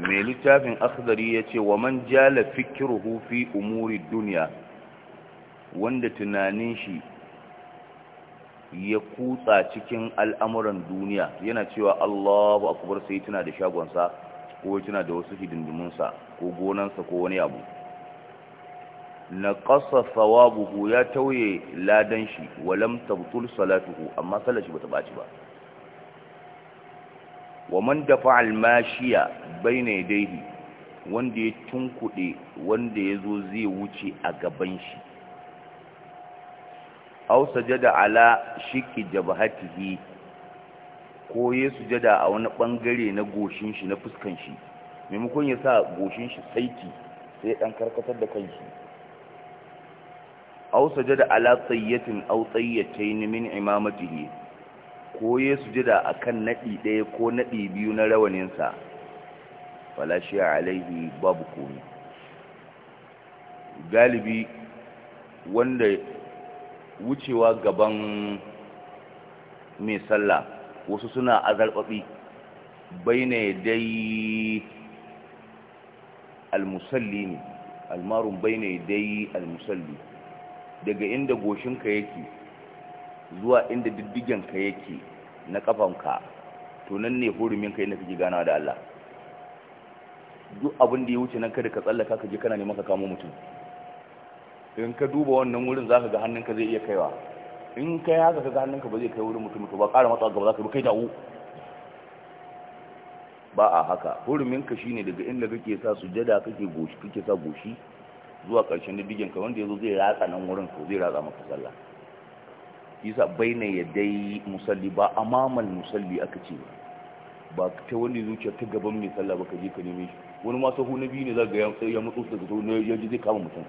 mai littafin akhdari ya ce wa man jala fikiruhu fi umuri duniya wanda tunanin shi ya kutsa cikin al'amuran duniya yana cewa Allahu bar sai tana da shagonsa ko tana da wasu hidindimunsa ko gonansa ko wani abu na ƙasa sawabuhu ya tauye ladan shi walam tabtul salatuhu amma salar shi bata ɓaci ba wa man dafa almashiya baina yadayhi wanda ya tunkuɗe wanda ya zo zai wuce a gaban shi aw sajada ala shiki jabhatihi ko ya sujada a wani bangare na goshin shi na fuskan shi maimakon ya sa goshin shi saiti sai dan karkatar da kanshi aw sajada ala sayyatin aw sayyatayn min imamatihi ko ya sujada akan nadi daya ko nadi biyu na rawaninsa wala shi alaihi babu komi galibi wanda wucewa gaban mai sallah wasu suna na baina dai almusalli ne almarun baina dai almusalli daga inda goshinka yake zuwa inda diddigenka yake na ƙafanka. to nan ne hurumin ka na kake gana da Allah duk abin da ya wuce nan kada ka tsallaka ka je kana ne ka kamo mutum in ka duba wannan wurin za ka ga hannunka zai iya kaiwa in yi haka ka ga hannunka ba zai kai wurin mutum to ba ƙara matsa gaba za ka bi kai dawo ba a haka ka shine daga inda kake sa sujada kake goshi kake sa goshi zuwa ƙarshen diddigin ka wanda yazo zai ratsa nan wurin to zai ratsa maka sallah yasa baina yadai musalli ba amamal musalli aka ce ba ta wani zuciya ta gaban mai sallah ba ka je ka neme shi wani ma sahu na biyu ne za ga ya mutu da ne ya ji zai kama mutum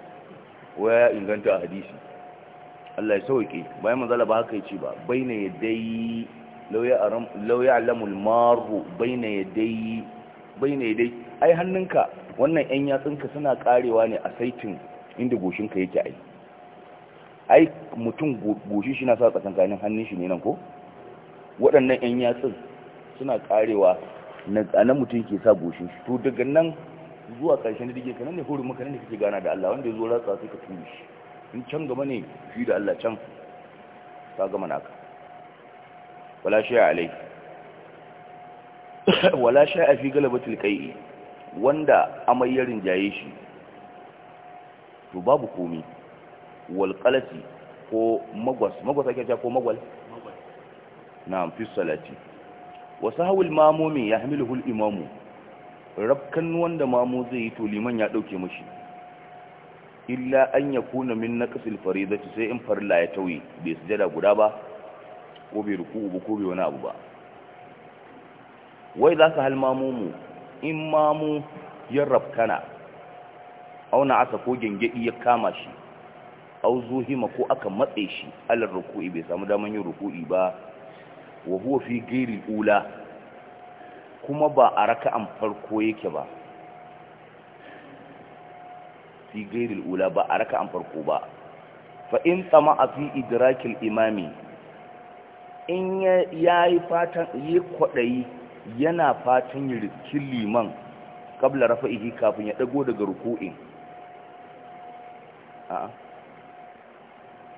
waya ya inganta a hadisi Allah ya sauke bayan manzala ba haka yace ba baina yadai lauya ya'lamul maru baina yadai baina yadai ai hannunka wannan yan yatsunka suna karewa ne a saitin inda goshinka yake ai ai mutum goshin shi na sa tsakankanin hannun shi ne nan ko waɗannan yan yatsun suna karewa a nan mutum ke sa goshin shi to daga nan zuwa ƙarshen da kanan ne hurin makanan da kake gana da Allah wanda ya zo ratsa sai ka tuni shi in can gaba ne fi da Allah can ka gama naka wala sha alai wala sha a fi galabatul qai'i wanda amai ya rinjaye shi to babu komi wal qalati ko magwas magwas ake cewa ko magwal na'am fi salati Wasu sahawul mamumi ya hamiluhul imamu rabkan wanda mamu zai yi to liman ya dauke mashi illa an yakuna min naqsil faridati sai in farla ya tauye bai sujada guda ba ko bai ruku'u ba ko bai wani abu ba wai za ka hal mamumu in mamu ya rabkana auna asa ko gengedi ya kama shi au zuhima ko aka matse shi alar ruku'i bai samu daman yin ruku'i ba wa huwa fi gairi ula kuma ba a raka'an farko yake ba fi gairi ula ba a raka'an farko ba fa in tsama a fi idrakil imami in ya yi fatan yi kwaɗayi yana fatan yi rikin liman kabla rafa ihi kafin ya ɗago daga ruku'in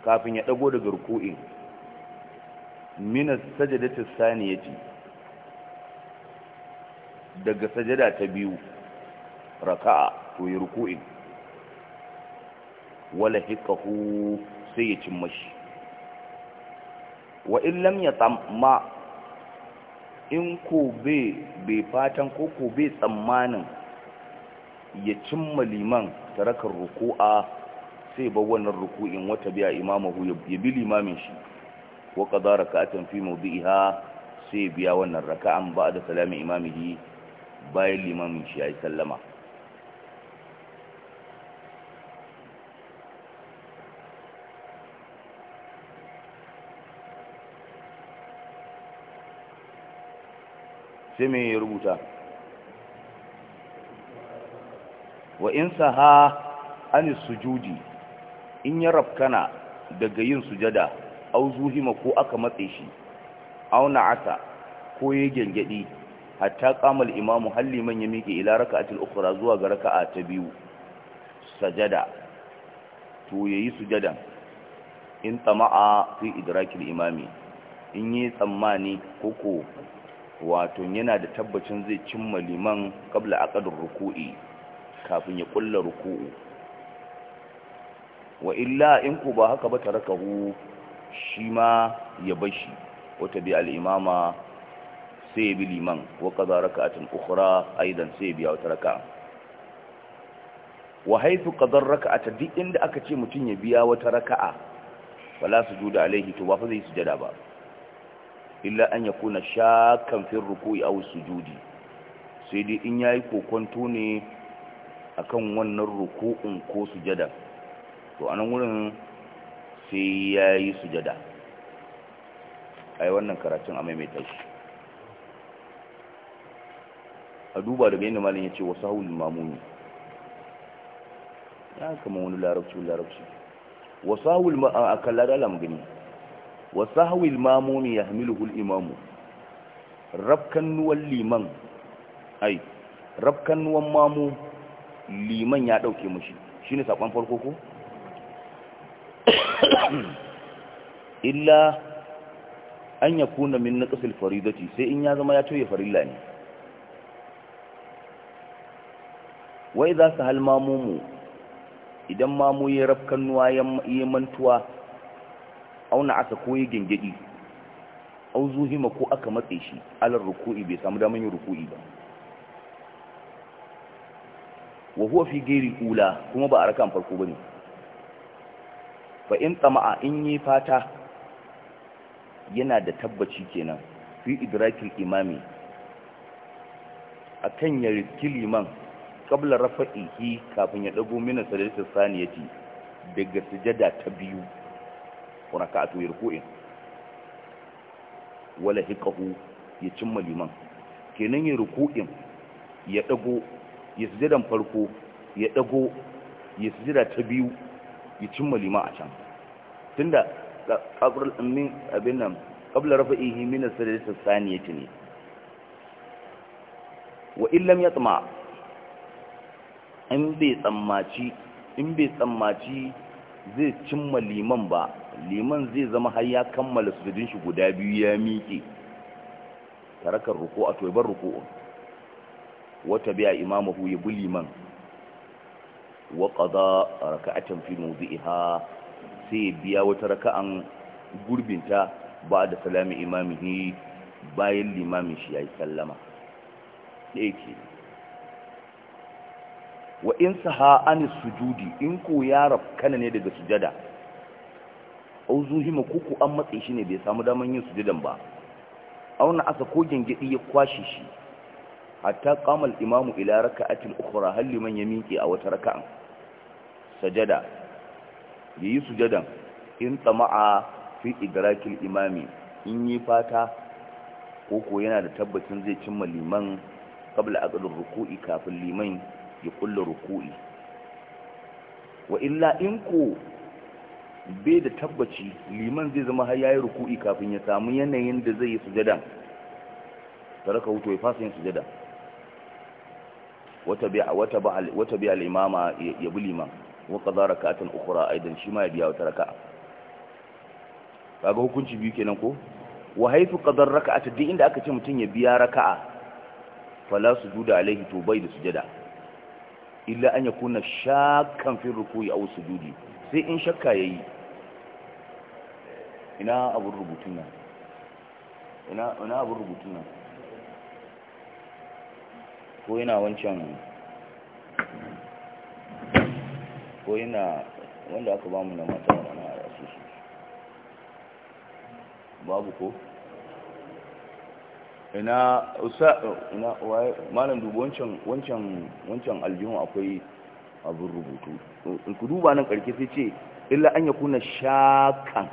kafin ya ɗago daga ruku'in minas sajadatu saniyati daga sajada ta biyu raka'a to yi ruku'in wala hikahu sai ya cin mashi wa in lam ya in ko bai fatan ko ko bai tsammanin ya cimma liman tarakan ruku'a sai ba wannan ruku'in wata biya imamahu ya bi limamin shi وقضى ركعة في موضعها سيبيا وانا الركعة بعد سلام إمامه باي الإمام الشيعي سلم سمي يربوتا وإن سهى عن السجود إن يرب كان دقيين سجدا au zuhima ko aka matse shi au na'ata ko ya gyangyaɗi hatta kamal imamu halliman ya miƙe ila raka'atil ukhra zuwa ga raka'a ta biyu sajada to yayi sujadan in tama'a fi idrakil imami in yi tsammani koko wato yana da tabbacin zai cimma liman kabla aqadur ruku'i kafin ya kulla ruku'u wa illa in ku ba haka ba tarakahu shi ma ya bashi wata bi al'imama sai ya bi liman wa kaza a yi aidan sai ya biya wata raka'a wa raka a ta duk inda aka ce mutum ya biya wata raka'a wala juda alaihi to ba fa zai sujada ba illa an ya yakuna shakkan fi ya aw sujudi sai dai in ya yayi kokonto ne a kan wannan in ko sujada to anan wurin sai ya yi sujada yi wannan karatun a maimaita shi a duba daga da malin ya ce wasu haulun mamuni ya kama wani larabci larabci wasu haulun a kallar mu gani wasu haulun mamuni ya hamilu hul imamu rafkannuwan liman ai rafkannuwan mamu liman ya ɗauke mashi shi ne saƙon farko ko? illa an ya kuna min na ƙasar faridati sai in ya zama ya toye farilla ne wai za su hal mamomu idan mamu ya rafkanuwa ya ya mantuwa auna aka koyi gengedi au zuhima ko aka matse shi alar ruku'i bai samu damar yin ruku'i ba wa huwa fi gairi ula kuma ba a raka farko ba ne fa in tsama'a in yi fata yana da tabbaci kenan fi idrakil imami kan ya riski liman kabla ihi kafin ya ɗago mina ya saniyati daga sujada ta biyu raka'atu yarku'in wala hikahu ya cimma liman kenan ya ruku'in ya ɗago ya sujadan farko ya dago ya sujada ta biyu ya cimma lima a can tunda qabl min abin nan qabla rafihi min as ta as-saniyati ne wa illam yatma in bai tsammaci in bai tsammaci zai cimma liman ba liman zai zama har ya kammala sujudin shi guda biyu ya miƙe tarakar ruku a toibar ruku'un wata biya imamahu ya bi liman wa a raka'atan fi mawdi'iha sai biya wata raka'an gurbinta ba da salami imamihi bayan limamin shi yi sallama dai ke wa in saha an sujudi in ko ya rafkana ne daga sujada au ma kuku an matse shi ne bai samu daman yin sujadan ba auna asa ko gyangyaɗi ya kwashe shi hatta kamal imamu ila raka'atil ukhra halliman ya miƙe a wata raka'an sajada yayi sujadan in tsama'a fi idrakil imami in yi fata koko yana da tabbacin zai cimma liman qabla aqdar ruku'i kafin liman ya kulla ruku'i wa illa in ko bai da tabbaci liman zai zama har yayi ruku'i kafin ya samu yanayin da zai yi sujadan taraka wuto ya fasa yin sujada wata bi wata bi al imama ya bi liman wa qada rak'atan ukhra aidan shi ma ya biya wata raka'a kaga hukunci biyu kenan ko wa haifu qadar raka'ata duk inda aka ce mutun ya biya raka'a fala sujuda alaihi to bai da sujada illa an yakuna shakkan fi ruku'i aw sujudi sai in shakka yayi ina abun rubutun nan ina ina abun rubutun nan ko yana wancan ko yana wanda aka bamu na mata mana a rasu su babu ko ina usa ina waye malam dubu wancan wancan wancan aljihun akwai abin rubutu ku duba nan karke sai ce illa an yakuna shakan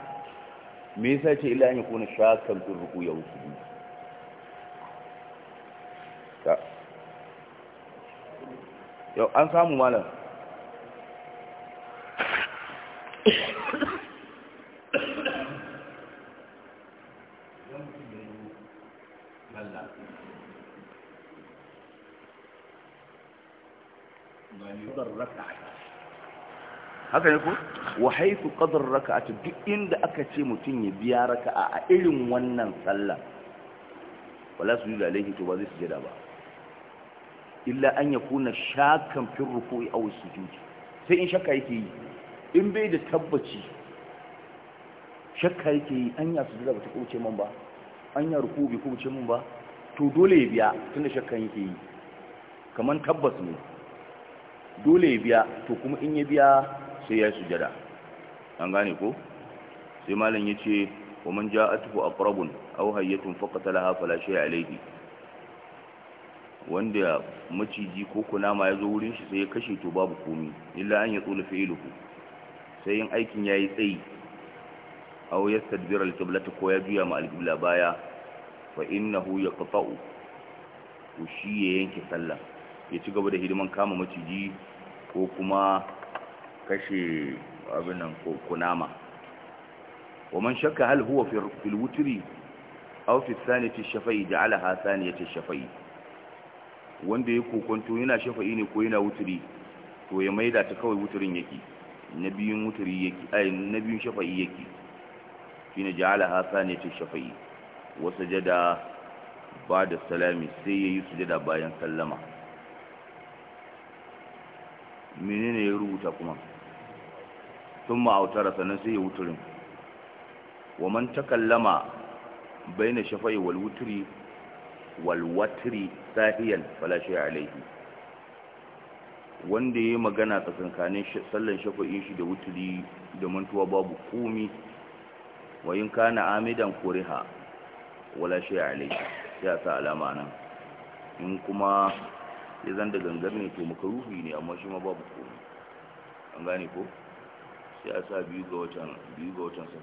me yasa ce illa an yakuna shakan bin ruku ya wuce yau an samu malam qadar rak'at haka ne ko wa haythu qadar rak'at duk inda aka ce mutun ya biya raka'a a irin wannan sallah wala su sujudu alayhi to ba zai sujada ba illa an yakuna shakkan fi ruku'i aw sujudi sai in shakka yake yi in bai da tabbaci shakka yake yi an ya sujada ba ta kuce man ba an ya ruku bai kuce man ba to dole ya biya tunda shakkan yake yi kaman tabbas ne dole ya biya to kuma in ya biya sai ya sujada an gane ko sai malam ya ce wa man ja'atuhu aqrabun aw hayyatun laha fala shay'a alayhi wanda maciji ko kunama ya zo wurin shi sai ya kashe to babu komi illa an ya tsula fi'iluhu sai yin aikin yayi tsayi aw yastadbira al-qiblata ko ya juya ma al-qibla baya fa innahu yaqta'u Ku shi ya yanke sallah ya ci gaba da hidiman kama maciji ko kuma kashe abin nan ko kunama wa man shakka hal huwa fil wutri aw fi thaniyati shafai ja'alaha thaniyati shafai wanda ya kokonto yana shafa'i ne ko yana wutri to ya maida ta kawai wutrin yake na biyun wutri yake ai na biyun shafa'i yake shine ja'alaha thaniyati shafai wa sajada ba da salami sai yayi sujada bayan sallama menene ya rubuta kuma sun ma'autara sannan sai ya wuturin wa man ta baina shafa'i na shafai walwuturi walwaturi sahiyan falashe shay wanda yayi magana tsakankanin sallan shafa'in shi da wuturi da mantuwa babu komi wa kana amidan kuriha wala shay ya sa alama nan in kuma ya zan da gangar ne to makarufi ne amma shi ma babu komai an gane ko sai a sa biyu ga watan biyu